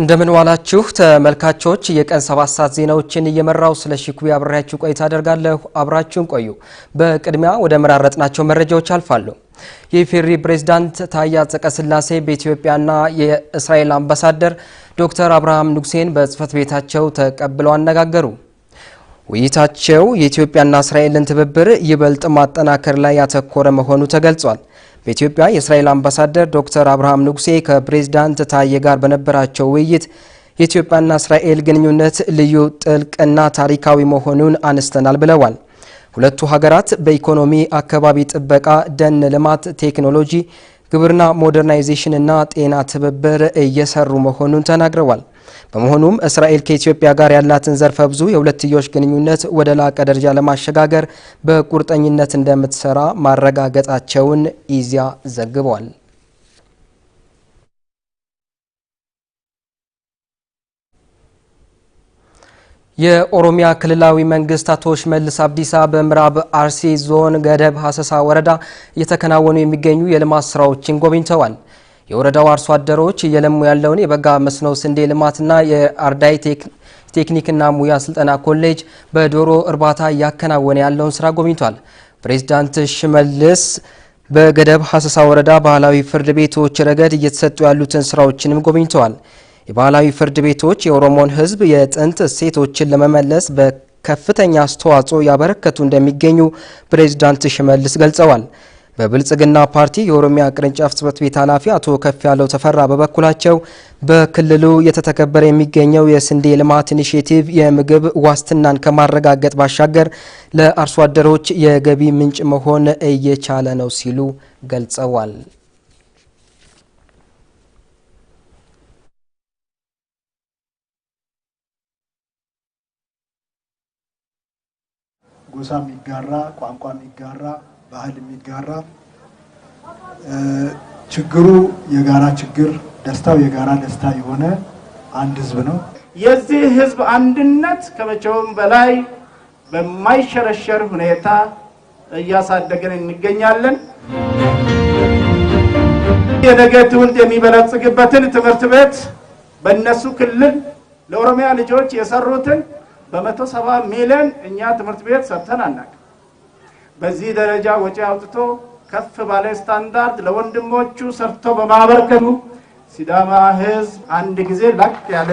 እንደምን ዋላችሁ ተመልካቾች፣ የቀን ሰባት ሰዓት ዜናዎችን እየመራው ስለ ሺኩቢ አብሬያችሁ ቆይታ አደርጋለሁ። አብራችሁን ቆዩ። በቅድሚያ ወደ መራረጥናቸው መረጃዎች አልፋለሁ። የኢፌሪ ፕሬዝዳንት ታዬ አጽቀሥላሴ በኢትዮጵያና የእስራኤል አምባሳደር ዶክተር አብርሃም ንጉሴን በጽህፈት ቤታቸው ተቀብለው አነጋገሩ። ውይይታቸው የኢትዮጵያና እስራኤልን ትብብር ይበልጥ ማጠናከር ላይ ያተኮረ መሆኑ ተገልጿል። በኢትዮጵያ የእስራኤል አምባሳደር ዶክተር አብርሃም ንጉሴ ከፕሬዝዳንት ታዬ ጋር በነበራቸው ውይይት የኢትዮጵያና እስራኤል ግንኙነት ልዩ ጥልቅና ታሪካዊ መሆኑን አነስተናል ብለዋል። ሁለቱ ሀገራት በኢኮኖሚ፣ አካባቢ ጥበቃ፣ ደን ልማት፣ ቴክኖሎጂ፣ ግብርና፣ ሞደርናይዜሽን እና ጤና ትብብር እየሰሩ መሆኑን ተናግረዋል። በመሆኑም እስራኤል ከኢትዮጵያ ጋር ያላትን ዘርፈ ብዙ የሁለትዮሽ ግንኙነት ወደ ላቀ ደረጃ ለማሸጋገር በቁርጠኝነት እንደምትሰራ ማረጋገጣቸውን ኢዜአ ዘግቧል። የኦሮሚያ ክልላዊ መንግስት አቶ ሽመልስ አብዲሳ በምዕራብ አርሲ ዞን ገደብ ሀሰሳ ወረዳ እየተከናወኑ የሚገኙ የልማት ስራዎችን ጎብኝተዋል። የወረዳው አርሶ አደሮች እየለሙ ያለውን የበጋ መስኖ ስንዴ ልማትና የአርዳይ ቴክኒክና ሙያ ስልጠና ኮሌጅ በዶሮ እርባታ እያከናወነ ያለውን ስራ ጎብኝቷል። ፕሬዚዳንት ሽመልስ በገደብ ሀሰሳ ወረዳ ባህላዊ ፍርድ ቤቶች ረገድ እየተሰጡ ያሉትን ስራዎችንም ጎብኝተዋል። የባህላዊ ፍርድ ቤቶች የኦሮሞን ሕዝብ የጥንት እሴቶችን ለመመለስ በከፍተኛ አስተዋጽኦ ያበረከቱ እንደሚገኙ ፕሬዚዳንት ሽመልስ ገልጸዋል። በብልጽግና ፓርቲ የኦሮሚያ ቅርንጫፍ ጽበት ቤት ኃላፊ አቶ ከፍ ያለው ተፈራ በበኩላቸው በክልሉ እየተተገበረ የሚገኘው የስንዴ ልማት ኢኒሽቲቭ የምግብ ዋስትናን ከማረጋገጥ ባሻገር ለአርሶ አደሮች የገቢ ምንጭ መሆን እየቻለ ነው ሲሉ ገልጸዋል። ጎሳ የሚጋራ ቋንቋ የሚጋራ ባህል የሚጋራ ችግሩ የጋራ ችግር፣ ደስታው የጋራ ደስታ የሆነ አንድ ህዝብ ነው። የዚህ ህዝብ አንድነት ከመቼውም በላይ በማይሸረሸር ሁኔታ እያሳደገን እንገኛለን። የነገ ትውልድ የሚበለጽግበትን ትምህርት ቤት በእነሱ ክልል ለኦሮሚያ ልጆች የሰሩትን በመቶ ሰባ ሚሊዮን እኛ ትምህርት ቤት ሰርተን አናውቅም። በዚህ ደረጃ ወጪ አውጥቶ ከፍ ባለ ስታንዳርድ ለወንድሞቹ ሰርቶ በማበርከቱ ሲዳማ ህዝብ አንድ ጊዜ ላቅ ያለ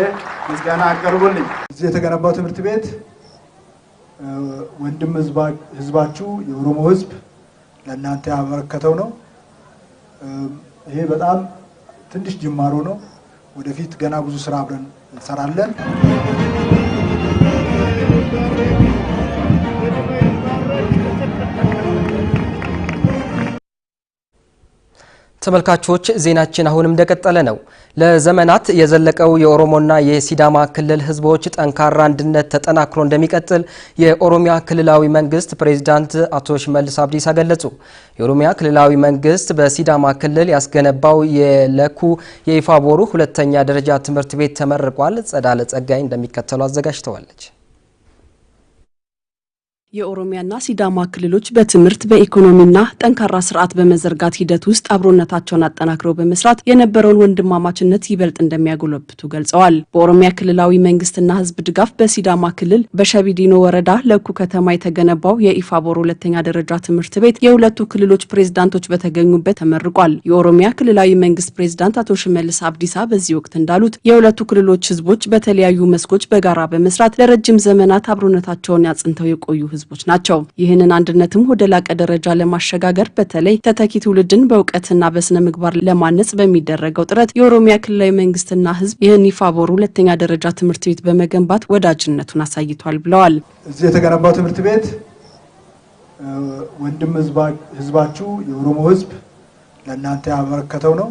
ምስጋና አቀርቡልኝ። እዚህ የተገነባው ትምህርት ቤት ወንድም ህዝባችሁ የኦሮሞ ህዝብ ለእናንተ ያበረከተው ነው። ይሄ በጣም ትንሽ ጅማሮ ነው። ወደፊት ገና ብዙ ስራ አብረን እንሰራለን። ተመልካቾች ዜናችን አሁንም እንደቀጠለ ነው። ለዘመናት የዘለቀው የኦሮሞና የሲዳማ ክልል ህዝቦች ጠንካራ አንድነት ተጠናክሮ እንደሚቀጥል የኦሮሚያ ክልላዊ መንግስት ፕሬዚዳንት አቶ ሽመልስ አብዲሳ ገለጹ። የኦሮሚያ ክልላዊ መንግስት በሲዳማ ክልል ያስገነባው የለኩ የኢፋቦሩ ሁለተኛ ደረጃ ትምህርት ቤት ተመርቋል። ጸዳለ ጸጋይ እንደሚከተሉ አዘጋጅተዋለች። የኦሮሚያና ሲዳማ ክልሎች በትምህርት በኢኮኖሚና ጠንካራ ስርዓት በመዘርጋት ሂደት ውስጥ አብሮነታቸውን አጠናክረው በመስራት የነበረውን ወንድማማችነት ይበልጥ እንደሚያጎለብቱ ገልጸዋል። በኦሮሚያ ክልላዊ መንግስትና ህዝብ ድጋፍ በሲዳማ ክልል በሸቢዲኖ ወረዳ ለኩ ከተማ የተገነባው የኢፋቦር ሁለተኛ ደረጃ ትምህርት ቤት የሁለቱ ክልሎች ፕሬዝዳንቶች በተገኙበት ተመርቋል። የኦሮሚያ ክልላዊ መንግስት ፕሬዝዳንት አቶ ሽመልስ አብዲሳ በዚህ ወቅት እንዳሉት የሁለቱ ክልሎች ህዝቦች በተለያዩ መስኮች በጋራ በመስራት ለረጅም ዘመናት አብሮነታቸውን አጽንተው የቆዩ ህዝቦች ናቸው። ይህንን አንድነትም ወደ ላቀ ደረጃ ለማሸጋገር በተለይ ተተኪ ትውልድን በእውቀትና በስነ ምግባር ለማነጽ በሚደረገው ጥረት የኦሮሚያ ክልላዊ መንግስትና ህዝብ ይህን ኢፋቦር ሁለተኛ ደረጃ ትምህርት ቤት በመገንባት ወዳጅነቱን አሳይቷል ብለዋል። እዚህ የተገነባው ትምህርት ቤት ወንድም ህዝባችሁ የኦሮሞ ህዝብ ለእናንተ ያበረከተው ነው።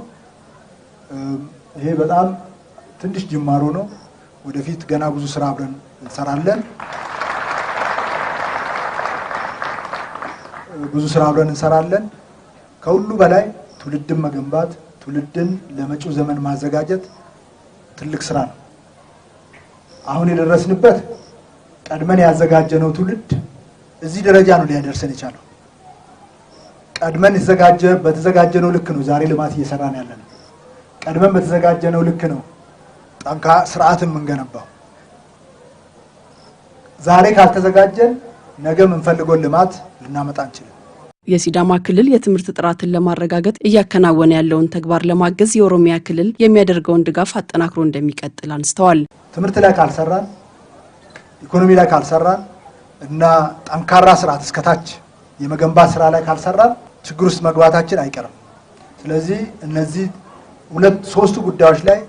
ይሄ በጣም ትንሽ ጅማሮ ነው። ወደፊት ገና ብዙ ስራ አብረን እንሰራለን። ብዙ ስራ አብረን እንሰራለን። ከሁሉ በላይ ትውልድን መገንባት፣ ትውልድን ለመጪው ዘመን ማዘጋጀት ትልቅ ስራ ነው። አሁን የደረስንበት ቀድመን ያዘጋጀነው ትውልድ እዚህ ደረጃ ነው ሊያደርሰን የቻለው። ቀድመን በተዘጋጀነው ልክ ነው ዛሬ ልማት እየሰራን ያለነው። ቀድመን በተዘጋጀነው ልክ ነው ጠንካ ስርዓትን የምንገነባው። ዛሬ ካልተዘጋጀን ነገ የምንፈልገውን ልማት ልናመጣ እንችላለን። የሲዳማ ክልል የትምህርት ጥራትን ለማረጋገጥ እያከናወነ ያለውን ተግባር ለማገዝ የኦሮሚያ ክልል የሚያደርገውን ድጋፍ አጠናክሮ እንደሚቀጥል አንስተዋል። ትምህርት ላይ ካልሰራን፣ ኢኮኖሚ ላይ ካልሰራን እና ጠንካራ ስርዓት እስከታች የመገንባት ስራ ላይ ካልሰራን ችግር ውስጥ መግባታችን አይቀርም። ስለዚህ እነዚህ ሁለት ሶስቱ ጉዳዮች ላይ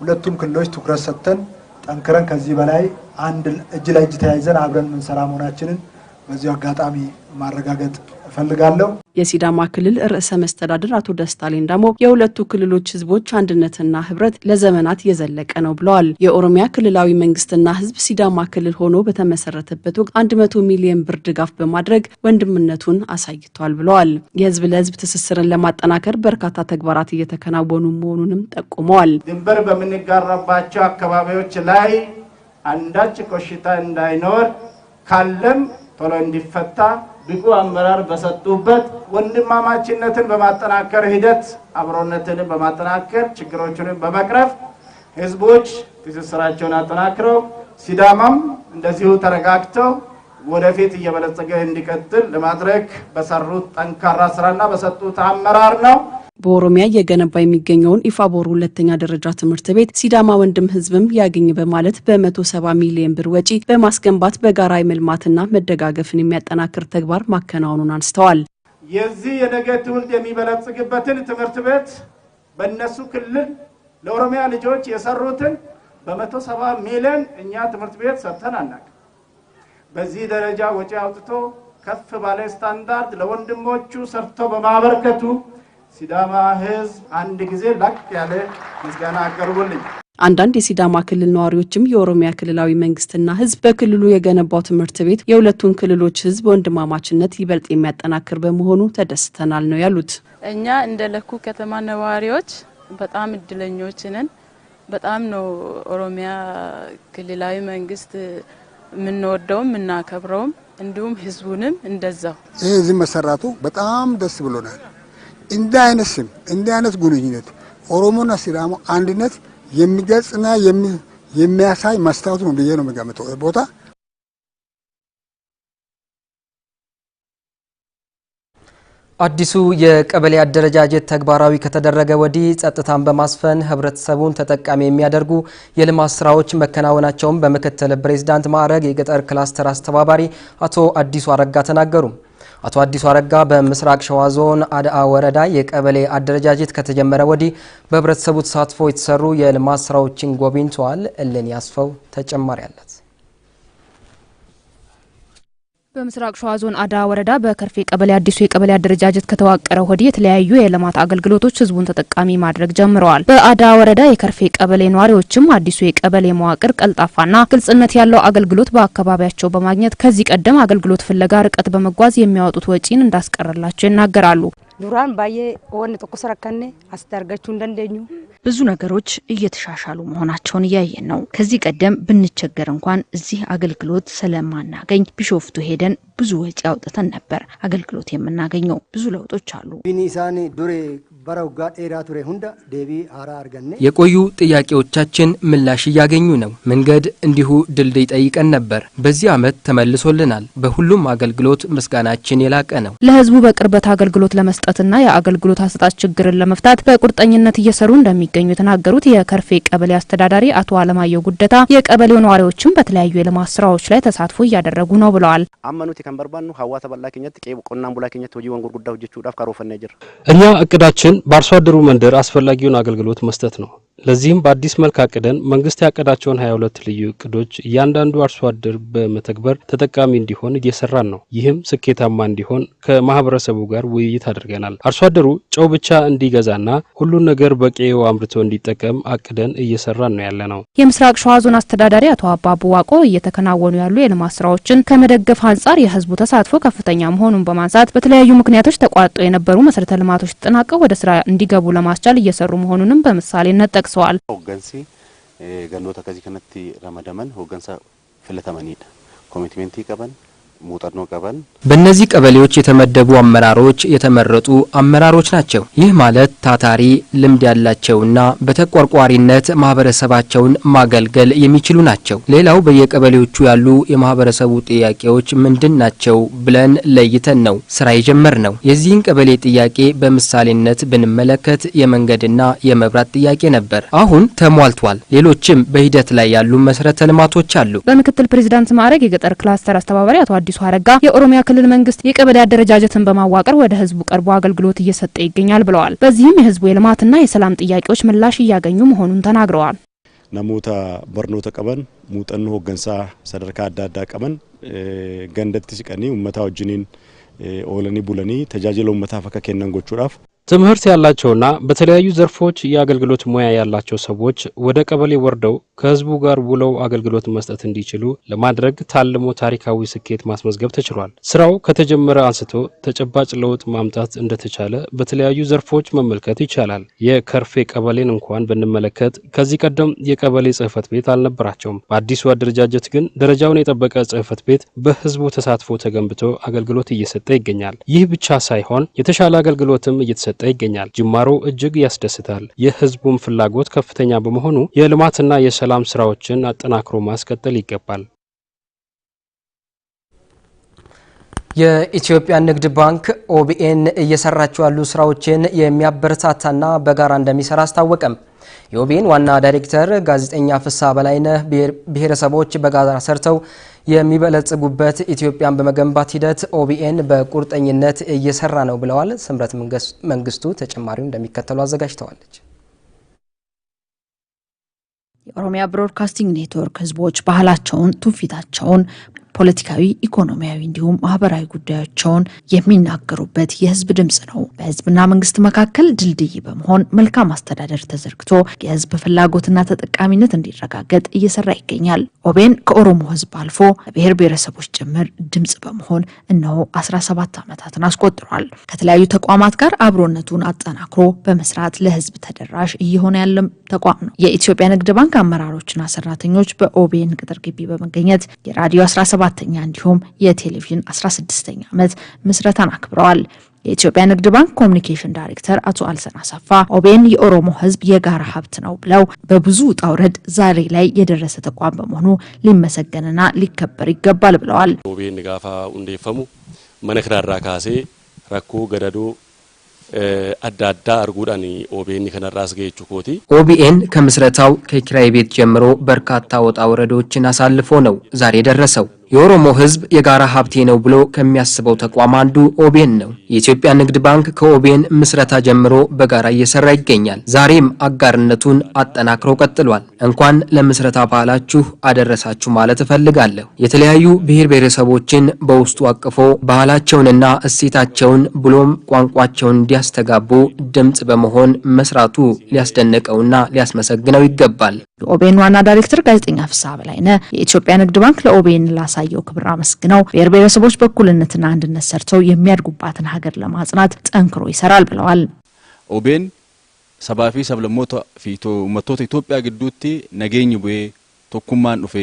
ሁለቱም ክልሎች ትኩረት ሰጥተን ጠንክረን ከዚህ በላይ አንድ እጅ ለእጅ ተያይዘን አብረን የምንሰራ መሆናችንን በዚሁ አጋጣሚ ማረጋገጥ እፈልጋለሁ። የሲዳማ ክልል ርዕሰ መስተዳድር አቶ ደስታ ሌዳሞ የሁለቱ ክልሎች ህዝቦች አንድነትና ህብረት ለዘመናት የዘለቀ ነው ብለዋል። የኦሮሚያ ክልላዊ መንግስትና ህዝብ ሲዳማ ክልል ሆኖ በተመሰረተበት ወቅት አንድ መቶ ሚሊዮን ብር ድጋፍ በማድረግ ወንድምነቱን አሳይቷል ብለዋል። የህዝብ ለህዝብ ትስስርን ለማጠናከር በርካታ ተግባራት እየተከናወኑ መሆኑንም ጠቁመዋል። ድንበር በምንጋራባቸው አካባቢዎች ላይ አንዳች ቆሽታ እንዳይኖር ካለም ቶሎ እንዲፈታ ብቁ አመራር በሰጡበት ወንድማማችነትን በማጠናከር ሂደት አብሮነትን በማጠናከር ችግሮችን በመቅረፍ ህዝቦች ትስስራቸውን አጠናክረው ሲዳማም እንደዚሁ ተረጋግተው ወደፊት እየበለጸገ እንዲቀጥል ለማድረግ በሰሩት ጠንካራ ስራና በሰጡት አመራር ነው። በኦሮሚያ እየገነባ የሚገኘውን ኢፋቦር ሁለተኛ ደረጃ ትምህርት ቤት ሲዳማ ወንድም ህዝብም ያገኝ በማለት በ170 ሚሊዮን ብር ወጪ በማስገንባት በጋራ የመልማትና መደጋገፍን የሚያጠናክር ተግባር ማከናወኑን አንስተዋል። የዚህ የነገ ትውልድ የሚበለጽግበትን ትምህርት ቤት በእነሱ ክልል ለኦሮሚያ ልጆች የሰሩትን በ170 ሚሊዮን እኛ ትምህርት ቤት ሰርተን አናውቅም። በዚህ ደረጃ ወጪ አውጥቶ ከፍ ባለ ስታንዳርድ ለወንድሞቹ ሰርቶ በማበርከቱ ሲዳማ ህዝብ አንድ ጊዜ ላቅ ያለ ምስጋና አቀርቡልኝ። አንዳንድ የሲዳማ ክልል ነዋሪዎችም የኦሮሚያ ክልላዊ መንግስትና ህዝብ በክልሉ የገነባው ትምህርት ቤት የሁለቱን ክልሎች ህዝብ ወንድማማችነት ይበልጥ የሚያጠናክር በመሆኑ ተደስተናል ነው ያሉት። እኛ እንደ ለኩ ከተማ ነዋሪዎች በጣም እድለኞች ነን። በጣም ነው ኦሮሚያ ክልላዊ መንግስት የምንወደውም የምናከብረውም፣ እንዲሁም ህዝቡንም እንደዛው። ይህ ህዝብ መሰራቱ በጣም ደስ ብሎናል። እንደ አይነት ስም አይነት ግንኙነት ኦሮሞና ሲዳሞ አንድነት የሚገልጽና የሚያሳይ መስታወት ነው ብዬ ነው የሚገምተው ቦታ አዲሱ የቀበሌ አደረጃጀት ተግባራዊ ከተደረገ ወዲህ ጸጥታን በማስፈን ህብረተሰቡን ተጠቃሚ የሚያደርጉ የልማት ስራዎች መከናወናቸውን በምክትል ፕሬዚዳንት ማዕረግ የገጠር ክላስተር አስተባባሪ አቶ አዲሱ አረጋ ተናገሩ። አቶ አዲሱ አረጋ በምስራቅ ሸዋ ዞን አድአ ወረዳ የቀበሌ አደረጃጀት ከተጀመረ ወዲህ በህብረተሰቡ ተሳትፎ የተሰሩ የልማት ስራዎችን ጎብኝተዋል። እልን ያስፈው ተጨማሪ አለት በምስራቅ ሸዋ ዞን አዳ ወረዳ በከርፌ ቀበሌ አዲሱ የቀበሌ አደረጃጀት ከተዋቀረ ወዲህ የተለያዩ የልማት አገልግሎቶች ህዝቡን ተጠቃሚ ማድረግ ጀምረዋል። በአዳ ወረዳ የከርፌ ቀበሌ ነዋሪዎችም አዲሱ የቀበሌ መዋቅር ቀልጣፋና ግልጽነት ያለው አገልግሎት በአካባቢያቸው በማግኘት ከዚህ ቀደም አገልግሎት ፍለጋ ርቀት በመጓዝ የሚያወጡት ወጪን እንዳስቀረላቸው ይናገራሉ። ዱራን ባየ ወን ጥቁስ ረከኔ አስዳርገችሁ እንደንደኙ ብዙ ነገሮች እየተሻሻሉ መሆናቸውን እያየን ነው። ከዚህ ቀደም ብንቸገር እንኳን እዚህ አገልግሎት ስለማናገኝ ቢሾፍቱ ሄደን ብዙ ወጪ አውጥተን ነበር አገልግሎት የምናገኘው። ብዙ ለውጦች አሉ ቢኒሳኔ ዱሬ የቆዩ ጥያቄዎቻችን ምላሽ እያገኙ ነው። መንገድ እንዲሁ ድልድይ ጠይቀን ነበር፣ በዚህ ዓመት ተመልሶልናል። በሁሉም አገልግሎት ምስጋናችን የላቀ ነው። ለህዝቡ በቅርበት አገልግሎት ለመስጠትና የአገልግሎት አሰጣጥ ችግርን ለመፍታት በቁርጠኝነት እየሰሩ እንደሚገኙ የተናገሩት የከርፌ ቀበሌ አስተዳዳሪ አቶ አለማየሁ ጉደታ የቀበሌው ነዋሪዎችም በተለያዩ የልማት ስራዎች ላይ ተሳትፎ እያደረጉ ነው ብለዋል። አመኑት የከንበርባኑ ሀዋ ተበላ ቄ ቆናን ቡላ ወንጉር ዳፍ ካሮፈና ጅር እኛ እቅዳችን ግን በአርሶ አደሩ መንደር አስፈላጊውን አገልግሎት መስጠት ነው ለዚህም በአዲስ መልክ አቅደን መንግስት ያቀዳቸውን 22 ልዩ እቅዶች እያንዳንዱ አርሶ አደር በመተግበር ተጠቃሚ እንዲሆን እየሰራን ነው። ይህም ስኬታማ እንዲሆን ከማህበረሰቡ ጋር ውይይት አድርገናል። አርሶ አደሩ ጨው ብቻ እንዲገዛና ሁሉን ነገር በቀዬው አምርቶ እንዲጠቀም አቅደን እየሰራን ነው ያለ ነው። የምስራቅ ሸዋ ዞን አስተዳዳሪ አቶ አባቡ ዋቆ እየተከናወኑ ያሉ የልማት ስራዎችን ከመደገፍ አንጻር የህዝቡ ተሳትፎ ከፍተኛ መሆኑን በማንሳት በተለያዩ ምክንያቶች ተቋርጦ የነበሩ መሰረተ ልማቶች ተጠናቀው ወደ ስራ እንዲገቡ ለማስቻል እየሰሩ መሆኑንም በምሳሌነት ጠቅሰዋል። ጠቅሰዋል። ሆገንሲ ገኖታ ከዚህ ከነቲ ረመደመን ሆገንሳ ፍለተመኒዳ ኮሚትሜንት ይቀበን ሙጠኖ ቀበል በእነዚህ ቀበሌዎች የተመደቡ አመራሮች የተመረጡ አመራሮች ናቸው። ይህ ማለት ታታሪ ልምድ ያላቸውና በተቋርቋሪነት ማህበረሰባቸውን ማገልገል የሚችሉ ናቸው። ሌላው በየቀበሌዎቹ ያሉ የማህበረሰቡ ጥያቄዎች ምንድን ናቸው ብለን ለይተን ነው ስራ የጀመር ነው። የዚህን ቀበሌ ጥያቄ በምሳሌነት ብንመለከት የመንገድና የመብራት ጥያቄ ነበር። አሁን ተሟልቷል። ሌሎችም በሂደት ላይ ያሉ መሰረተ ልማቶች አሉ። በምክትል ፕሬዚዳንት ማዕረግ የገጠር ክላስተር አስተባባሪ አቶ አዲሱ አዲሱ አረጋ የኦሮሚያ ክልል መንግስት የቀበሌ አደረጃጀትን በማዋቀር ወደ ህዝቡ ቀርቦ አገልግሎት እየሰጠ ይገኛል ብለዋል። በዚህም የህዝቡ የልማትና የሰላም ጥያቄዎች ምላሽ እያገኙ መሆኑን ተናግረዋል። ነሞታ በርኖተ ቀበን ሙጠን ሆገንሳ ሰደርካ አዳዳ ቀበን ገንደት ሲቀኒ ውመታ ወጅኒን ኦለኒ ቡለኒ ተጃጅለ ውመታ ፈከ ኬነን ጎቹዳፍ ትምህርት ያላቸውና በተለያዩ ዘርፎች የአገልግሎት ሙያ ያላቸው ሰዎች ወደ ቀበሌ ወርደው ከህዝቡ ጋር ውለው አገልግሎት መስጠት እንዲችሉ ለማድረግ ታልሞ ታሪካዊ ስኬት ማስመዝገብ ተችሏል። ስራው ከተጀመረ አንስቶ ተጨባጭ ለውጥ ማምጣት እንደተቻለ በተለያዩ ዘርፎች መመልከት ይቻላል። የከርፌ ቀበሌን እንኳን ብንመለከት ከዚህ ቀደም የቀበሌ ጽህፈት ቤት አልነበራቸውም። በአዲሱ አደረጃጀት ግን ደረጃውን የጠበቀ ጽህፈት ቤት በህዝቡ ተሳትፎ ተገንብቶ አገልግሎት እየሰጠ ይገኛል። ይህ ብቻ ሳይሆን የተሻለ አገልግሎትም እየተሰ እየተሰጠ ይገኛል። ጅማሮ እጅግ ያስደስታል። የህዝቡም ፍላጎት ከፍተኛ በመሆኑ የልማትና የሰላም ስራዎችን አጠናክሮ ማስቀጠል ይገባል። የኢትዮጵያ ንግድ ባንክ ኦቢኤን እየሰራቸው ያሉ ስራዎችን የሚያበረታታና በጋራ እንደሚሰራ አስታወቀም። የኦቢኤን ዋና ዳይሬክተር ጋዜጠኛ ፍሳ በላይነህ ብሔረሰቦች በጋራ ሰርተው የሚበለጽጉበት ኢትዮጵያን በመገንባት ሂደት ኦቢኤን በቁርጠኝነት እየሰራ ነው ብለዋል። ስምረት መንግስቱ ተጨማሪው እንደሚከተሉ አዘጋጅተዋለች። የኦሮሚያ ብሮድካስቲንግ ኔትወርክ ህዝቦች ባህላቸውን፣ ትውፊታቸውን ፖለቲካዊ፣ ኢኮኖሚያዊ እንዲሁም ማህበራዊ ጉዳዮቻቸውን የሚናገሩበት የህዝብ ድምፅ ነው። በህዝብና መንግስት መካከል ድልድይ በመሆን መልካም አስተዳደር ተዘርግቶ የህዝብ ፍላጎትና ተጠቃሚነት እንዲረጋገጥ እየሰራ ይገኛል። ኦቤን ከኦሮሞ ህዝብ አልፎ ለብሔር ብሔረሰቦች ጭምር ድምፅ በመሆን እነሆ 17 ዓመታትን አስቆጥሯል። ከተለያዩ ተቋማት ጋር አብሮነቱን አጠናክሮ በመስራት ለህዝብ ተደራሽ እየሆነ ያለም ተቋም ነው። የኢትዮጵያ ንግድ ባንክ አመራሮችና ሰራተኞች በኦቤን ቅጥር ግቢ በመገኘት የራዲዮ 17 ሰባተኛ እንዲሁም የቴሌቪዥን 16ኛ ዓመት ምስረታን አክብረዋል። የኢትዮጵያ ንግድ ባንክ ኮሚኒኬሽን ዳይሬክተር አቶ አልሰን አሰፋ ኦቤን የኦሮሞ ሕዝብ የጋራ ሀብት ነው ብለው በብዙ ውጣ ውረድ ዛሬ ላይ የደረሰ ተቋም በመሆኑ ሊመሰገንና ሊከበር ይገባል ብለዋል። ኦቤን ጋፋ እንደፈሙ መነክራራ ካሴ ረኮ ገደዶ አዳዳ አርጉዳን ኦቢኤን ከነራስ ገቹ ኮቲ ኦቢኤን ከምስረታው ከኪራይ ቤት ጀምሮ በርካታ ወጣ ወረዶችን አሳልፎ ነው ዛሬ ደረሰው። የኦሮሞ ሕዝብ የጋራ ሀብቴ ነው ብሎ ከሚያስበው ተቋም አንዱ ኦቤን ነው። የኢትዮጵያ ንግድ ባንክ ከኦቤን ምስረታ ጀምሮ በጋራ እየሰራ ይገኛል። ዛሬም አጋርነቱን አጠናክሮ ቀጥሏል። እንኳን ለምስረታ ባህላችሁ አደረሳችሁ ማለት እፈልጋለሁ። የተለያዩ ብሔር ብሔረሰቦችን በውስጡ አቅፎ ባህላቸውንና እሴታቸውን ብሎም ቋንቋቸውን እንዲያስተጋቡ ድምፅ በመሆን መስራቱ ሊያስደንቀውና ሊያስመሰግነው ይገባል። የኦቤን ዋና ዳይሬክተር ጋዜጠኛ ፍስሐ በላይነህ የኢትዮጵያ ንግድ ባንክ ለኦቤን ላሳ ላሳየው ክብር አመስግነው ብሔር ብሔረሰቦች በእኩልነትና አንድነት ሰርተው የሚያድጉባትን ሀገር ለማጽናት ጠንክሮ ይሰራል ብለዋል። ኦቤን ሰባፊ ሰብለሞቶ ፊቶ መቶት ኢትዮጵያ ግዱቲ ነገኝ ቡ ቶኩማን ዱፌ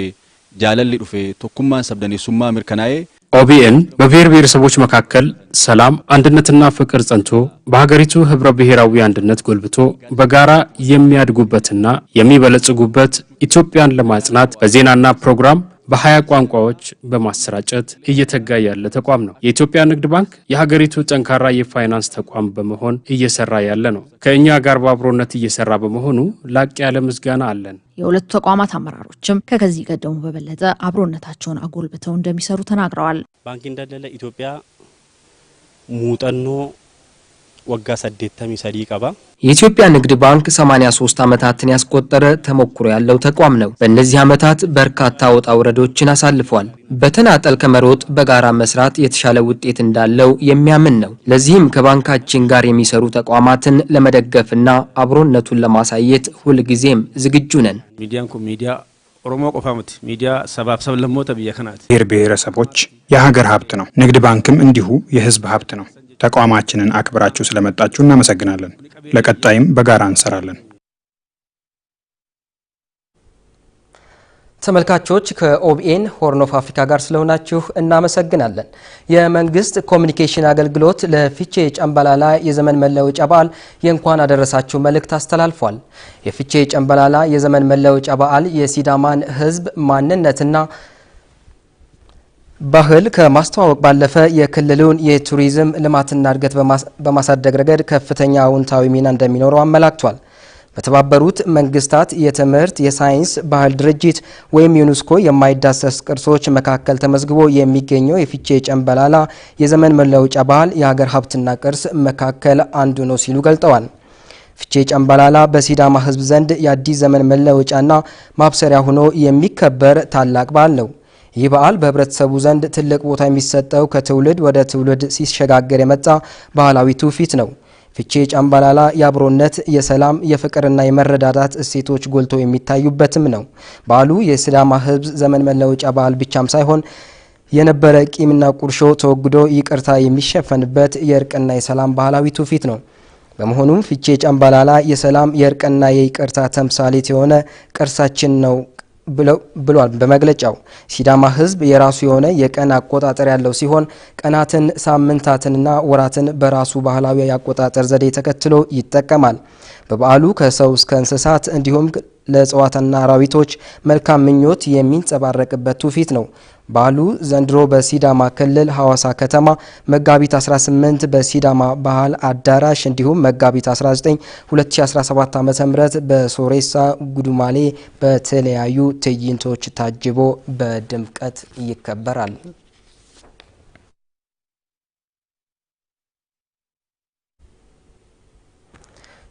ጃለሊ ዱፌ ቶኩማን ሰብደኔሱማ ምርከናዬ ኦቢኤን በብሔር ብሔረሰቦች መካከል ሰላም አንድነትና ፍቅር ጸንቶ በሀገሪቱ ህብረ ብሔራዊ አንድነት ጎልብቶ በጋራ የሚያድጉበትና የሚበለጽጉበት ኢትዮጵያን ለማጽናት በዜናና ፕሮግራም በሀያ ቋንቋዎች በማሰራጨት እየተጋ ያለ ተቋም ነው። የኢትዮጵያ ንግድ ባንክ የሀገሪቱ ጠንካራ የፋይናንስ ተቋም በመሆን እየሰራ ያለ ነው። ከእኛ ጋር በአብሮነት እየሰራ በመሆኑ ላቅ ያለ ምስጋና አለን። የሁለቱ ተቋማት አመራሮችም ከከዚህ ቀደሙ በበለጠ አብሮነታቸውን አጎልብተው እንደሚሰሩ ተናግረዋል። ባንክ እንዳለለ ኢትዮጵያ ሙጠኖ ወጋ ሰዴተሚ ሰዲ ቀባ የኢትዮጵያ ንግድ ባንክ 83 ዓመታትን ያስቆጠረ ተሞክሮ ያለው ተቋም ነው። በእነዚህ ዓመታት በርካታ ወጣ ውረዶችን አሳልፏል። በተናጠል ከመሮጥ በጋራ መስራት የተሻለ ውጤት እንዳለው የሚያምን ነው። ለዚህም ከባንካችን ጋር የሚሰሩ ተቋማትን ለመደገፍና አብሮነቱን ለማሳየት ሁልጊዜም ዝግጁ ነን። ሚዲያን ሚዲያ ኦሮሞ ቆፋሙት ሚዲያ ሰባብሰብ ለሞተ ብዬ ከናት ብሔር ብሔረሰቦች የሀገር ሀብት ነው። ንግድ ባንክም እንዲሁ የህዝብ ሀብት ነው። ተቋማችንን አክብራችሁ ስለመጣችሁ እናመሰግናለን። ለቀጣይም በጋራ እንሰራለን። ተመልካቾች ከኦቢኤን ሆርን ኦፍ አፍሪካ ጋር ስለሆናችሁ እናመሰግናለን። የመንግስት ኮሚኒኬሽን አገልግሎት ለፊቼ ጨምበላላ የዘመን መለወጫ በዓል የእንኳን አደረሳችሁ መልእክት አስተላልፏል። የፊቼ ጨምበላላ የዘመን መለወጫ በዓል የሲዳማን ሕዝብ ማንነትና ባህል ከማስተዋወቅ ባለፈ የክልሉን የቱሪዝም ልማትና እድገት በማሳደግ ረገድ ከፍተኛ አውንታዊ ሚና እንደሚኖረው አመላክቷል። በተባበሩት መንግስታት የትምህርት፣ የሳይንስ ባህል ድርጅት ወይም ዩኒስኮ የማይዳሰስ ቅርሶች መካከል ተመዝግቦ የሚገኘው የፊቼ ጨንበላላ የዘመን መለወጫ ባህል የሀገር ሀብትና ቅርስ መካከል አንዱ ነው ሲሉ ገልጠዋል። ፊቼ ጨንበላላ በሲዳማ ሕዝብ ዘንድ የአዲስ ዘመን መለወጫና ማብሰሪያ ሆኖ የሚከበር ታላቅ በዓል ነው። ይህ በዓል በህብረተሰቡ ዘንድ ትልቅ ቦታ የሚሰጠው ከትውልድ ወደ ትውልድ ሲሸጋገር የመጣ ባህላዊ ትውፊት ነው። ፍቼ ጫምባላላ የአብሮነት፣ የሰላም፣ የፍቅርና የመረዳዳት እሴቶች ጎልተው የሚታዩበትም ነው። በዓሉ የስዳማ ህዝብ ዘመን መለወጫ በዓል ብቻም ሳይሆን የነበረ ቂምና ቁርሾ ተወግዶ ይቅርታ የሚሸፈንበት የእርቅና የሰላም ባህላዊ ትውፊት ነው። በመሆኑም ፍቼ ጫምባላላ የሰላም የእርቅና የይቅርታ ተምሳሌት የሆነ ቅርሳችን ነው ብሏል በመግለጫው። ሲዳማ ህዝብ የራሱ የሆነ የቀን አቆጣጠር ያለው ሲሆን ቀናትን ሳምንታትንና ወራትን በራሱ ባህላዊ የአቆጣጠር ዘዴ ተከትሎ ይጠቀማል። በበዓሉ ከሰው እስከ እንስሳት እንዲሁም ለእጽዋትና አራዊቶች መልካም ምኞት የሚንጸባረቅበት ትውፊት ነው። በዓሉ ዘንድሮ በሲዳማ ክልል ሐዋሳ ከተማ መጋቢት 18 በሲዳማ ባህል አዳራሽ እንዲሁም መጋቢት 19 2017 ዓ.ም በሶሬሳ ጉዱማሌ በተለያዩ ትዕይንቶች ታጅቦ በድምቀት ይከበራል።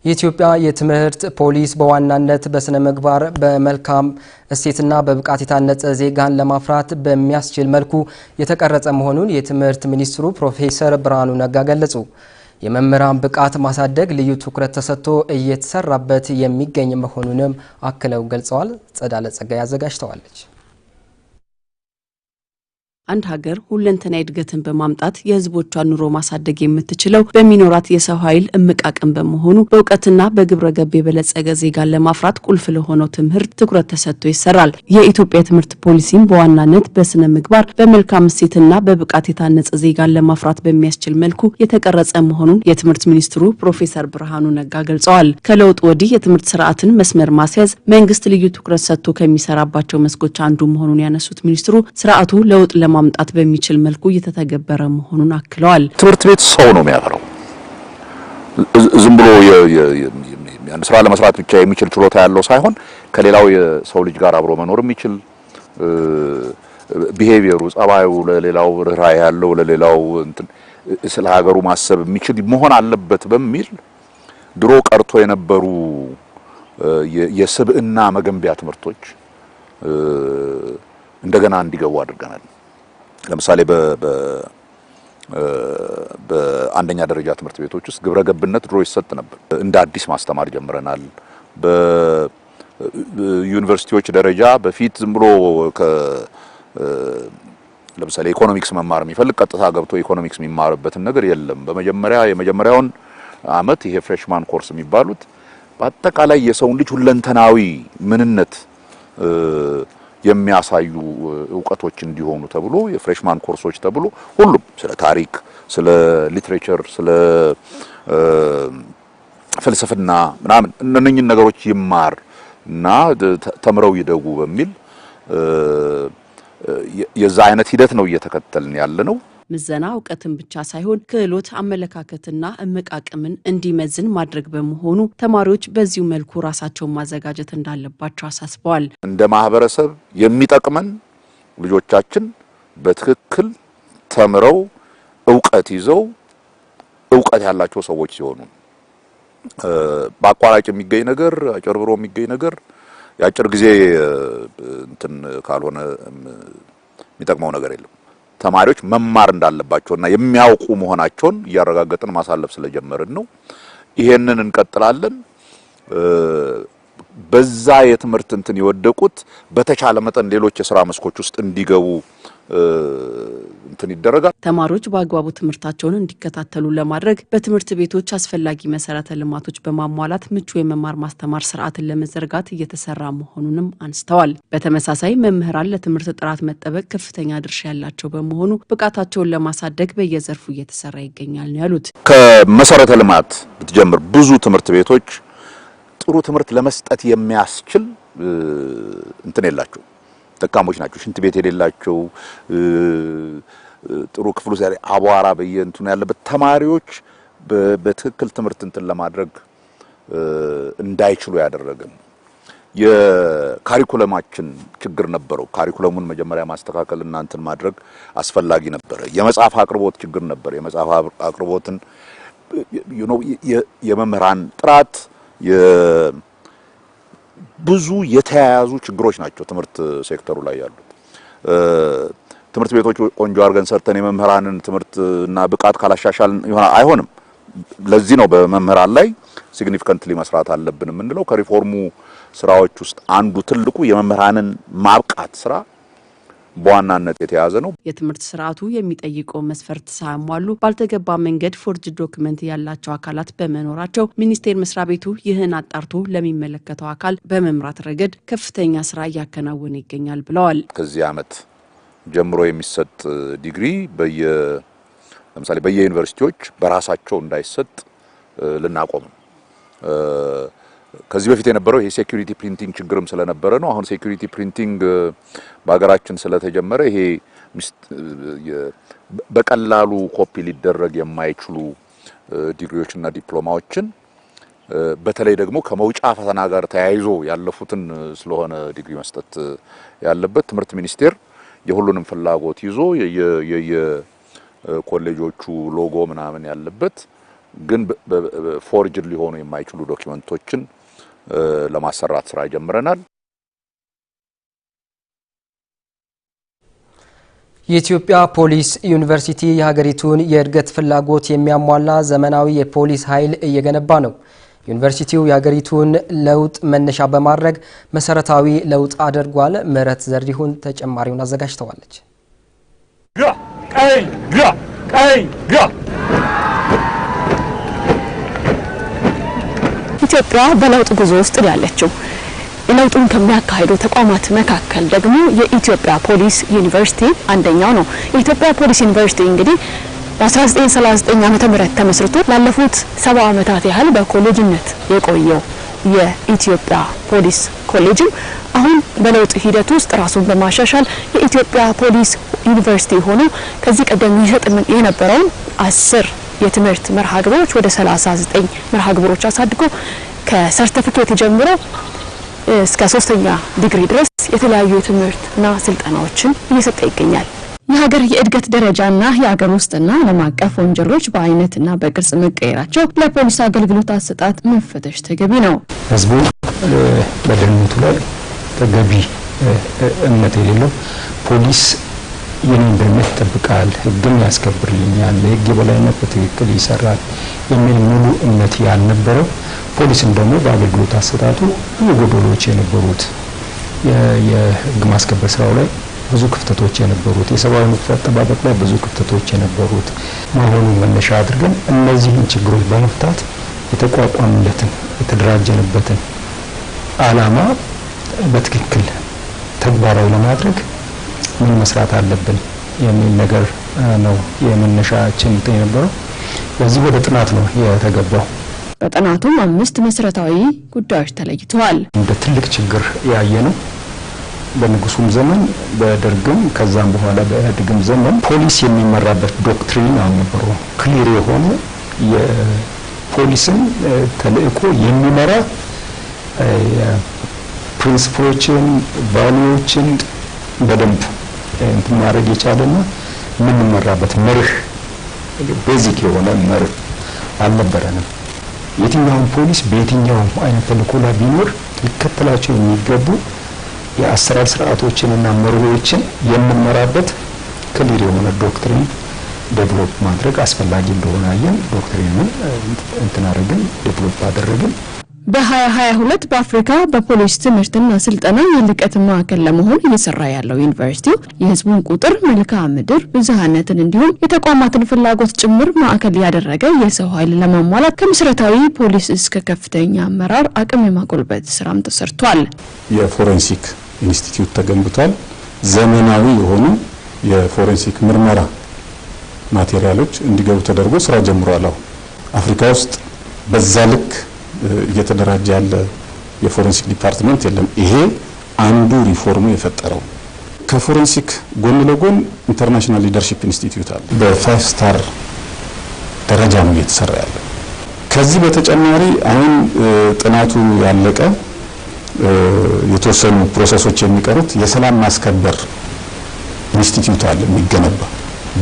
የኢትዮጵያ የትምህርት ፖሊስ በዋናነት በስነ ምግባር በመልካም እሴትና በብቃት የታነጸ ዜጋን ለማፍራት በሚያስችል መልኩ የተቀረጸ መሆኑን የትምህርት ሚኒስትሩ ፕሮፌሰር ብርሃኑ ነጋ ገለጹ። የመምህራን ብቃት ማሳደግ ልዩ ትኩረት ተሰጥቶ እየተሰራበት የሚገኝ መሆኑንም አክለው ገልጸዋል። ጸዳለ ጸጋይ አዘጋጅተዋለች። አንድ ሀገር ሁለንተና እድገትን በማምጣት የህዝቦቿን ኑሮ ማሳደግ የምትችለው በሚኖራት የሰው ኃይል እምቃቅም በመሆኑ በእውቀትና በግብረ ገብ የበለጸገ ዜጋን ለማፍራት ቁልፍ ለሆነው ትምህርት ትኩረት ተሰጥቶ ይሰራል። የኢትዮጵያ ትምህርት ፖሊሲም በዋናነት በስነ ምግባር፣ በመልካም እሴትና በብቃት የታነጸ ዜጋን ለማፍራት በሚያስችል መልኩ የተቀረጸ መሆኑን የትምህርት ሚኒስትሩ ፕሮፌሰር ብርሃኑ ነጋ ገልጸዋል። ከለውጥ ወዲህ የትምህርት ስርዓትን መስመር ማስያዝ መንግስት ልዩ ትኩረት ሰጥቶ ከሚሰራባቸው መስኮች አንዱ መሆኑን ያነሱት ሚኒስትሩ ስርዓቱ ለውጥ ለማ ማምጣት በሚችል መልኩ እየተተገበረ መሆኑን አክለዋል። ትምህርት ቤት ሰው ነው የሚያፈራው። ዝም ብሎ ስራ ለመስራት ብቻ የሚችል ችሎታ ያለው ሳይሆን ከሌላው የሰው ልጅ ጋር አብሮ መኖር የሚችል ቢሄቪየሩ፣ ጸባዩ፣ ለሌላው ርኅራኄ ያለው ለሌላው ስለ ሀገሩ ማሰብ የሚችል መሆን አለበት በሚል ድሮ ቀርቶ የነበሩ የስብዕና መገንቢያ ትምህርቶች እንደገና እንዲገቡ አድርገናል። ለምሳሌ በአንደኛ ደረጃ ትምህርት ቤቶች ውስጥ ግብረ ገብነት ድሮ ይሰጥ ነበር። እንደ አዲስ ማስተማር ጀምረናል። በዩኒቨርሲቲዎች ደረጃ በፊት ዝም ብሎ ለምሳሌ ኢኮኖሚክስ መማር የሚፈልግ ቀጥታ ገብቶ ኢኮኖሚክስ የሚማርበትን ነገር የለም። በመጀመሪያ የመጀመሪያውን አመት ይሄ ፍሬሽማን ኮርስ የሚባሉት በአጠቃላይ የሰውን ልጅ ሁለንተናዊ ምንነት የሚያሳዩ እውቀቶች እንዲሆኑ ተብሎ የፍሬሽማን ኮርሶች ተብሎ ሁሉም ስለ ታሪክ፣ ስለ ሊትሬቸር፣ ስለ ፍልስፍና ምናምን እነኝን ነገሮች ይማር እና ተምረው ይደጉ በሚል የዛ አይነት ሂደት ነው እየተከተልን ያለ ነው። ምዘና እውቀትን ብቻ ሳይሆን ክህሎት፣ አመለካከትና እመቃቅምን እንዲመዝን ማድረግ በመሆኑ ተማሪዎች በዚሁ መልኩ ራሳቸውን ማዘጋጀት እንዳለባቸው አሳስበዋል። እንደ ማህበረሰብ የሚጠቅመን ልጆቻችን በትክክል ተምረው እውቀት ይዘው እውቀት ያላቸው ሰዎች ሲሆኑ በአቋራጭ የሚገኝ ነገር አጭበርብሮ የሚገኝ ነገር የአጭር ጊዜ እንትን ካልሆነ የሚጠቅመው ነገር የለም። ተማሪዎች መማር እንዳለባቸውና የሚያውቁ መሆናቸውን እያረጋገጥን ማሳለፍ ስለጀመርን ነው። ይሄንን እንቀጥላለን። በዛ የትምህርት እንትን የወደቁት በተቻለ መጠን ሌሎች የስራ መስኮች ውስጥ እንዲገቡ እንትን ይደረጋል። ተማሪዎች በአግባቡ ትምህርታቸውን እንዲከታተሉ ለማድረግ በትምህርት ቤቶች አስፈላጊ መሰረተ ልማቶች በማሟላት ምቹ የመማር ማስተማር ስርዓትን ለመዘርጋት እየተሰራ መሆኑንም አንስተዋል። በተመሳሳይ መምህራን ለትምህርት ጥራት መጠበቅ ከፍተኛ ድርሻ ያላቸው በመሆኑ ብቃታቸውን ለማሳደግ በየዘርፉ እየተሰራ ይገኛል ነው ያሉት። ከመሰረተ ልማት ብትጀምር ብዙ ትምህርት ቤቶች ጥሩ ትምህርት ለመስጠት የሚያስችል እንትን የላቸው ጠቃሞች ናቸው። ሽንት ቤት የሌላቸው ጥሩ ክፍሉ ዛሬ አቧራ በየእንትኑ ያለበት ተማሪዎች በትክክል ትምህርት እንትን ለማድረግ እንዳይችሉ ያደረገ የካሪኩለማችን ችግር ነበረው። ካሪኩለሙን መጀመሪያ ማስተካከል እና እንትን ማድረግ አስፈላጊ ነበረ። የመጽሐፍ አቅርቦት ችግር ነበር። የመጽሐፍ አቅርቦትን የመምህራን ጥራት ብዙ የተያያዙ ችግሮች ናቸው ትምህርት ሴክተሩ ላይ ያሉት። ትምህርት ቤቶች ቆንጆ አድርገን ሰርተን የመምህራንን ትምህርት እና ብቃት ካላሻሻልን ይሆናል አይሆንም። ለዚህ ነው በመምህራን ላይ ሲግኒፊካንትሊ መስራት አለብን የምንለው። ከሪፎርሙ ስራዎች ውስጥ አንዱ ትልቁ የመምህራንን ማብቃት ስራ በዋናነት የተያዘ ነው። የትምህርት ስርዓቱ የሚጠይቀው መስፈርት ሳያሟሉ ባልተገባ መንገድ ፎርጅ ዶክመንት ያላቸው አካላት በመኖራቸው ሚኒስቴር መስሪያ ቤቱ ይህን አጣርቶ ለሚመለከተው አካል በመምራት ረገድ ከፍተኛ ስራ እያከናወነ ይገኛል ብለዋል። ከዚህ ዓመት ጀምሮ የሚሰጥ ዲግሪ በየ ለምሳሌ በየዩኒቨርሲቲዎች በራሳቸው እንዳይሰጥ ልናቆም ከዚህ በፊት የነበረው ይሄ ሴኩሪቲ ፕሪንቲንግ ችግርም ስለነበረ ነው። አሁን ሴኩሪቲ ፕሪንቲንግ በሀገራችን ስለተጀመረ ይሄ በቀላሉ ኮፒ ሊደረግ የማይችሉ ዲግሪዎችና ዲፕሎማዎችን በተለይ ደግሞ ከመውጫ ፈተና ጋር ተያይዞ ያለፉትን ስለሆነ ዲግሪ መስጠት ያለበት ትምህርት ሚኒስቴር የሁሉንም ፍላጎት ይዞ የኮሌጆቹ ሎጎ ምናምን ያለበት ግን ፎርጅድ ሊሆኑ የማይችሉ ዶክመንቶችን ለማሰራት ስራ ጀምረናል። የኢትዮጵያ ፖሊስ ዩኒቨርሲቲ የሀገሪቱን የእድገት ፍላጎት የሚያሟላ ዘመናዊ የፖሊስ ኃይል እየገነባ ነው። ዩኒቨርሲቲው የሀገሪቱን ለውጥ መነሻ በማድረግ መሰረታዊ ለውጥ አድርጓል። ምረት ዘርዲሁን ተጨማሪውን አዘጋጅተዋለች። ኢትዮጵያ በለውጥ ጉዞ ውስጥ ነው ያለችው። የለውጡን ከሚያካሂዱ ተቋማት መካከል ደግሞ የኢትዮጵያ ፖሊስ ዩኒቨርሲቲ አንደኛው ነው። የኢትዮጵያ ፖሊስ ዩኒቨርሲቲ እንግዲህ በ1939 ዓመተ ምህረት ተመስርቶ ላለፉት ሰባ ዓመታት ያህል በኮሌጅነት የቆየው የኢትዮጵያ ፖሊስ ኮሌጅም አሁን በለውጥ ሂደት ውስጥ ራሱን በማሻሻል የኢትዮጵያ ፖሊስ ዩኒቨርሲቲ ሆኖ ከዚህ ቀደም ይሰጥ የነበረውን አስር የትምህርት መርሃ ግብሮች ወደ 39 መርሃ ግብሮች አሳድጎ ከሰርተፊኬት ጀምሮ እስከ ሶስተኛ ዲግሪ ድረስ የተለያዩ የትምህርትና ስልጠናዎችን እየሰጠ ይገኛል። የሀገር የእድገት ደረጃና የሀገር ውስጥና ዓለም አቀፍ ወንጀሎች በአይነትና በቅርጽ መቀየራቸው ለፖሊስ አገልግሎት አሰጣጥ መፈተሽ ተገቢ ነው። ህዝቡ በደህንነቱ ላይ ተገቢ እምነት የሌለው ፖሊስ የኔን ደህንነት ይጠብቃል፣ ህግም ያስከብርልኛል፣ የህግ የበላይነት በትክክል ይሰራል የሚል ሙሉ እምነት ያልነበረው ፖሊስም ደግሞ በአገልግሎት አሰጣጡ ብዙ ጎደሎች የነበሩት የህግ ማስከበር ስራው ላይ ብዙ ክፍተቶች የነበሩት የሰብአዊ መብት አጠባበቅ ላይ ብዙ ክፍተቶች የነበሩት መሆኑ መነሻ አድርገን እነዚህን ችግሮች በመፍታት የተቋቋምለትን የተደራጀንበትን አላማ በትክክል ተግባራዊ ለማድረግ ምን መስራት አለብን የሚል ነገር ነው የመነሻችን የነበረው። በዚህ ወደ ጥናት ነው የተገባው። በጥናቱም አምስት መሰረታዊ ጉዳዮች ተለይተዋል። እንደ ትልቅ ችግር ያየ ነው በንጉሱም ዘመን በደርግም ከዛም በኋላ በኢህአዴግም ዘመን ፖሊስ የሚመራበት ዶክትሪን አልነበሩ። ክሊር የሆነ የፖሊስን ተልእኮ የሚመራ ፕሪንስፖችን፣ ቫሉዎችን በደንብ እንትን ማድረግ የቻለና የምንመራበት መርህ ቤዚክ የሆነ መርህ አልነበረንም። የትኛውም ፖሊስ በየትኛውም አይነት ተልእኮ ላይ ቢኖር ሊከተላቸው የሚገቡ የአሰራር ስርዓቶችን እና መርሆዎችን የምንመራበት ክሊር የሆነ ዶክትሪን ዴቨሎፕ ማድረግ አስፈላጊ እንደሆነ አየን። ዶክትሪኑን እንትን አደረግን፣ ዴቨሎፕ አደረግን። በ2022 በአፍሪካ በፖሊስ ትምህርትና ስልጠና የልቀት ማዕከል ለመሆን እየሰራ ያለው ዩኒቨርሲቲው የህዝቡን ቁጥር፣ መልክዓ ምድር፣ ብዝሃነትን እንዲሁም የተቋማትን ፍላጎት ጭምር ማዕከል ያደረገ የሰው ኃይል ለማሟላት ከመሰረታዊ ፖሊስ እስከ ከፍተኛ አመራር አቅም የማጎልበት ስራም ተሰርቷል። የፎረንሲክ ኢንስቲትዩት ተገንብቷል። ዘመናዊ የሆኑ የፎረንሲክ ምርመራ ማቴሪያሎች እንዲገቡ ተደርጎ ስራ ጀምሯል። አሁን አፍሪካ ውስጥ በዛ ልክ እየተደራጀ ያለ የፎረንሲክ ዲፓርትመንት የለም። ይሄ አንዱ ሪፎርሙ የፈጠረው። ከፎረንሲክ ጎን ለጎን ኢንተርናሽናል ሊደርሺፕ ኢንስቲትዩት አለ። በፋይቭ ስታር ደረጃ ነው እየተሰራ ያለ። ከዚህ በተጨማሪ አሁን ጥናቱ ያለቀ የተወሰኑ ፕሮሰሶች የሚቀሩት የሰላም ማስከበር ኢንስቲትዩት አለ የሚገነባ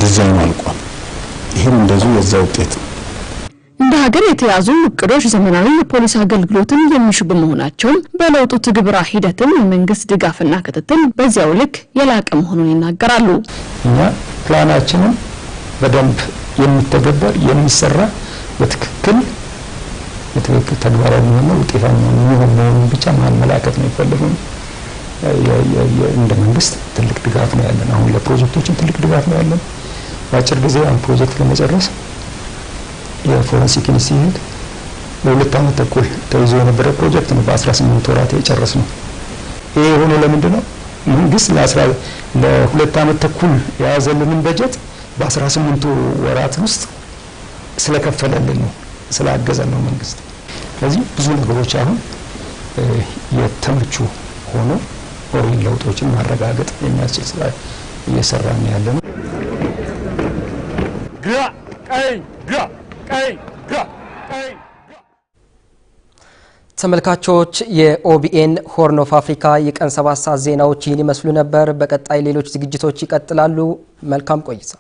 ዲዛይኑ አልቋል። ይህም እንደዚሁ የዛ ውጤት ነው። እንደ ሀገር የተያዙ እቅዶች ዘመናዊ የፖሊስ አገልግሎትን የሚሹ በመሆናቸውም በለውጡ ትግበራ ሂደትም የመንግስት ድጋፍና ክትትል በዚያው ልክ የላቀ መሆኑን ይናገራሉ። እኛ ፕላናችንም በደንብ የሚተገበር የሚሰራ በትክክል በትክክል ተግባራዊ የሚሆነ ውጤታማ የሚሆን መሆኑን ብቻ ማመላከት ነው የፈለገው። እንደ መንግስት ትልቅ ድጋፍ ነው ያለን። አሁን ለፕሮጀክቶችም ትልቅ ድጋፍ ነው ያለን። በአጭር ጊዜ አንድ ፕሮጀክት ለመጨረስ ፎረንሲክን ሲሄድ ለሁለት ዓመት ተኩል ተይዞ የነበረ ፕሮጀክት ነው በ18 ወራት እየጨረስ ነው። ይሄ የሆነ ለምንድን ነው? መንግስት ለሁለት አመት ተኩል የያዘልንን በጀት በ18 ወራት ውስጥ ስለከፈለልን ነው፣ ስላገዘን ነው መንግስት። ስለዚህ ብዙ ነገሮች አሁን የተመቹ ሆኖ ኦሪን ለውጦችን ማረጋገጥ የሚያስችል ስራ እየሰራን ያለ ነው። ተመልካቾች የኦቢኤን ሆርን ኦፍ አፍሪካ የቀን ሰባት ሰዓት ዜናዎች ይህን ይመስሉ ነበር። በቀጣይ ሌሎች ዝግጅቶች ይቀጥላሉ። መልካም ቆይታ